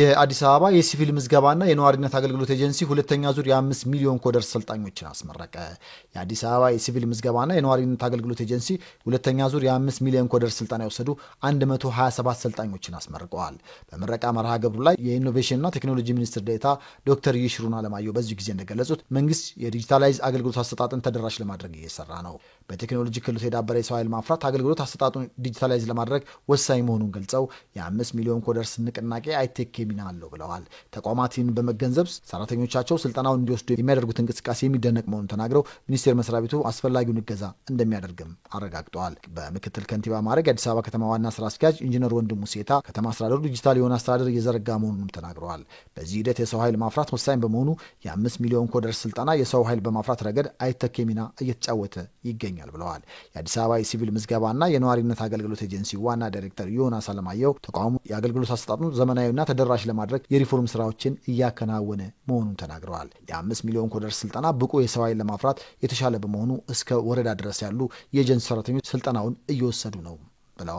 የአዲስ አበባ የሲቪል ምዝገባና የነዋሪነት አገልግሎት ኤጀንሲ ሁለተኛ ዙር የአምስት ሚሊዮን ኮደርስ ሰልጣኞችን አስመረቀ። የአዲስ አበባ የሲቪል ምዝገባና የነዋሪነት አገልግሎት ኤጀንሲ ሁለተኛ ዙር የአምስት ሚሊዮን ኮደር ስልጠና የወሰዱ 127 ሰልጣኞችን አስመርቀዋል። በምረቃ መርሃ ግብሩ ላይ የኢኖቬሽንና ቴክኖሎጂ ሚኒስትር ዴኤታ ዶክተር ይሽሩን አለማየሁ በዚሁ ጊዜ እንደገለጹት መንግስት የዲጂታላይዝ አገልግሎት አሰጣጥን ተደራሽ ለማድረግ እየሰራ ነው። በቴክኖሎጂ ክህሎት የዳበረ የሰው ኃይል ማፍራት አገልግሎት አሰጣጡን ዲጂታላይዝ ለማድረግ ወሳኝ መሆኑን ገልጸው የአምስት ሚሊዮን ኮደርስ ንቅናቄ አይቴክ ሚና አለው ብለዋል። ተቋማትን በመገንዘብ ሰራተኞቻቸው ስልጠናውን እንዲወስዱ የሚያደርጉት እንቅስቃሴ የሚደነቅ መሆኑን ተናግረው ሚኒስቴር መስሪያ ቤቱ አስፈላጊውን እገዛ እንደሚያደርግም አረጋግጠዋል። በምክትል ከንቲባ ማድረግ የአዲስ አበባ ከተማ ዋና ስራ አስኪያጅ ኢንጂነር ወንድሙ ሴታ ከተማ አስተዳደሩ ዲጂታል የሆነ አስተዳደር እየዘረጋ መሆኑንም ተናግረዋል። በዚህ ሂደት የሰው ኃይል ማፍራት ወሳኝ በመሆኑ የአምስት ሚሊዮን ኮደር ስልጠና የሰው ኃይል በማፍራት ረገድ አይተኬ ሚና እየተጫወተ ይገኛል ብለዋል። የአዲስ አበባ የሲቪል ምዝገባና የነዋሪነት አገልግሎት ኤጀንሲ ዋና ዳይሬክተር ዮናስ አለማየሁ ተቋሙ የአገልግሎት አሰጣጡን ዘመናዊና ተደራ ተደራሽ ለማድረግ የሪፎርም ስራዎችን እያከናወነ መሆኑን ተናግረዋል። የአምስት ሚሊዮን ኮደር ስልጠና ብቁ የሰው ኃይል ለማፍራት የተሻለ በመሆኑ እስከ ወረዳ ድረስ ያሉ የኤጀንሲ ሰራተኞች ስልጠናውን እየወሰዱ ነው።